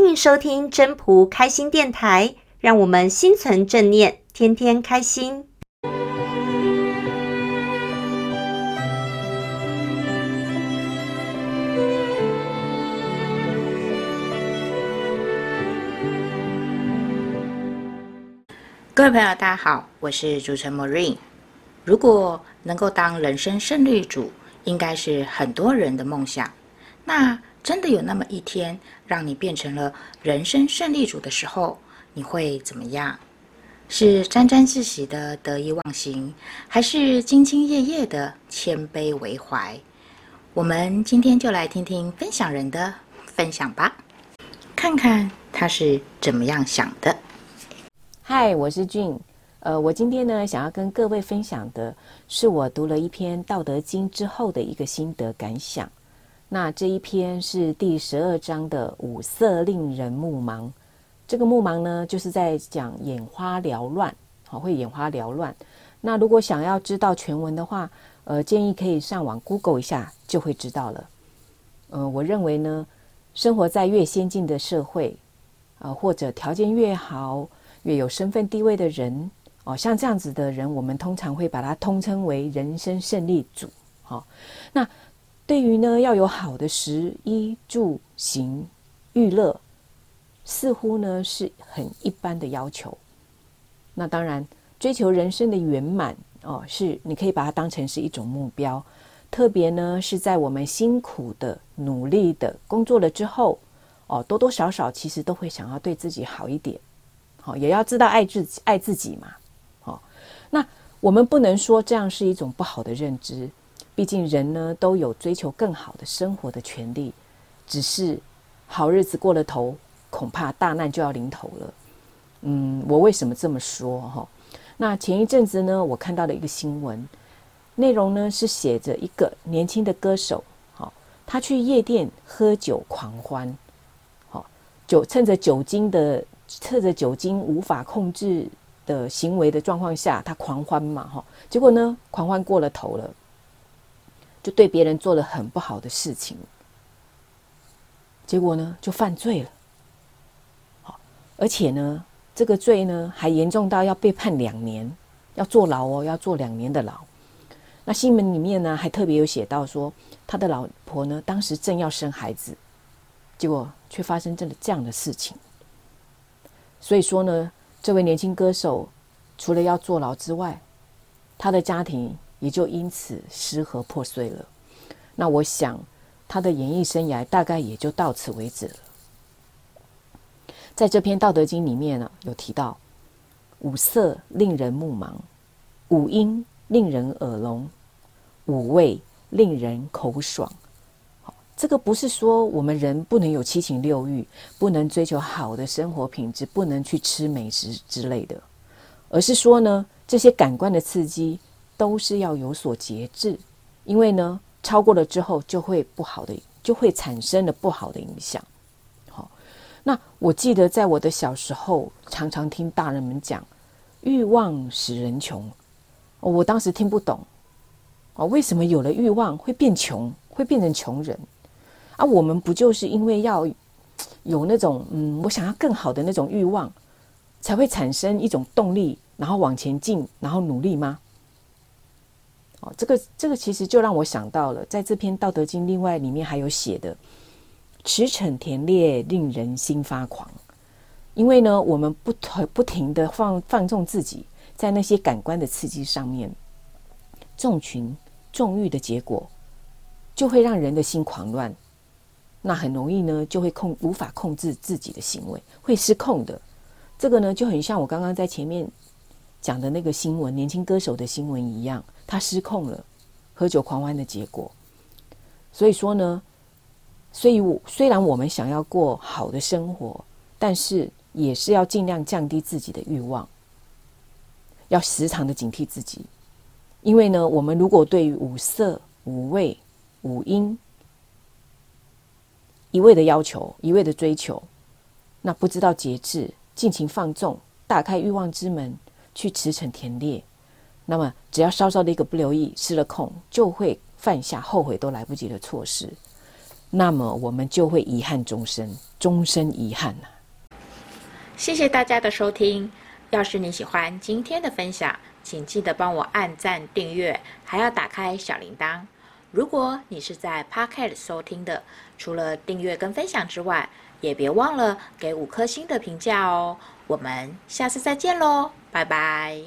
歡迎收聽真樸開心電台，讓我們心存正念，天天開心。各位朋友，大家好，我是主持人 Marine。如果能夠當人生勝利組，應該是很多人的夢想。那真的有那麼一天，讓你變成了人生勝利組的時候，你會怎麼樣？是沾沾自喜的得意忘形，還是兢兢業業的謙卑為懷？我們今天就來聽聽分享人的分享吧，看看他是怎麼樣想的。嗨，我是俊，呃，我今天呢，想要跟各位分享的是我讀了一篇《道德經》之後的一個心得感想。那這一篇是第十二章的五色令人目盲，這個目盲呢，就是在講眼花繚亂，好，會眼花繚亂。那如果想要知道全文的話，呃，建議可以上網 Google 一下就會知道了。呃，我認為呢，生活在越先進的社會，呃，或者條件越好、越有身份地位的人，哦、呃，像這樣子的人，我們通常會把它通稱為人生勝利組，好、哦，那。對於呢，要有好的食衣住行、娛樂，似乎呢是很一般的要求。那當然，追求人生的圓滿哦，是你可以把它當成是一種目標。特別呢，是在我們辛苦的努力的工作了之後哦，多多少少其實都會想要對自己好一點，好、哦、也要知道愛自己、愛自己嘛，好、哦。那我們不能說這樣是一種不好的認知。畢竟人呢都有追求更好的生活的權利，只是好日子過了頭，恐怕大難就要臨頭了。嗯，我為什麼這麼說？哈，那前一陣子呢，我看到了一個新聞，內容呢是寫着一個年輕的歌手，齁，他去夜店喝酒狂歡，齁，酒趁着酒精的趁着酒精無法控制的行為的狀況下，他狂歡嘛，哈，結果呢狂歡過了頭了。就對別人做了很不好的事情，結果呢，就犯罪了。而且呢，這個罪呢還嚴重到要被判兩年，要坐牢哦，要坐兩年的牢。那新聞裡面呢，還特別有寫到說，他的老婆呢，當時正要生孩子，結果卻發生這這樣的事情。所以說呢，這位年輕歌手除了要坐牢之外，他的家庭。也就因此失和破碎了。那我想，他的演藝生涯大概也就到此為止了。在這篇《道德經》裡面呢、啊，有提到五色令人目盲，五音令人耳聾，五味令人口爽。好，這個不是說我們人不能有七情六欲，不能追求好的生活品質，不能去吃美食之類的，而是說呢，這些感官的刺激。都是要有所節制，因為呢，超過了之後就會不好的，就會產生了不好的影響。好，哦，那我記得在我的小時候，常常聽大人們講“欲望使人窮”，哦，我當時聽不懂，哦，為什麼有了欲望會變窮，會變成窮人？啊，我們不就是因為要有那種嗯，我想要更好的那種欲望，才會產生一種動力，然後往前進，然後努力嗎？哦，這個這個其實就讓我想到了，在這篇《道德經》另外裡面還有寫的“馳騁田獵，令人心發狂”，因為呢，我們不不停的放放縱自己，在那些感官的刺激上面，重群重慾的結果，就會讓人的心狂亂，那很容易呢就會控無法控制自己的行為，會失控的。這個呢就很像我剛剛在前面講的那個新聞，年輕歌手的新聞一樣。他失控了，喝酒狂歡的結果。所以說呢，所以，我雖然我們想要過好的生活，但是也是要盡量降低自己的慾望，要時常的警惕自己。因為呢，我們如果對於五色、五味、五音一味的要求、一味的追求，那不知道節制，盡情放縱，打開慾望之門，去馳騁田獵。那麼，只要稍稍的一個不留意，失了控，就會犯下後悔都來不及的錯事，那麼我們就會遺憾終生，終生遺憾吶。謝謝大家的收聽。要是你喜歡今天的分享，請記得幫我按讚、訂閱，還要打開小鈴鐺。如果你是在 Podcast 收聽的，除了訂閱跟分享之外，也別忘了給五顆星的評價哦。我們下次再見嘍，拜拜。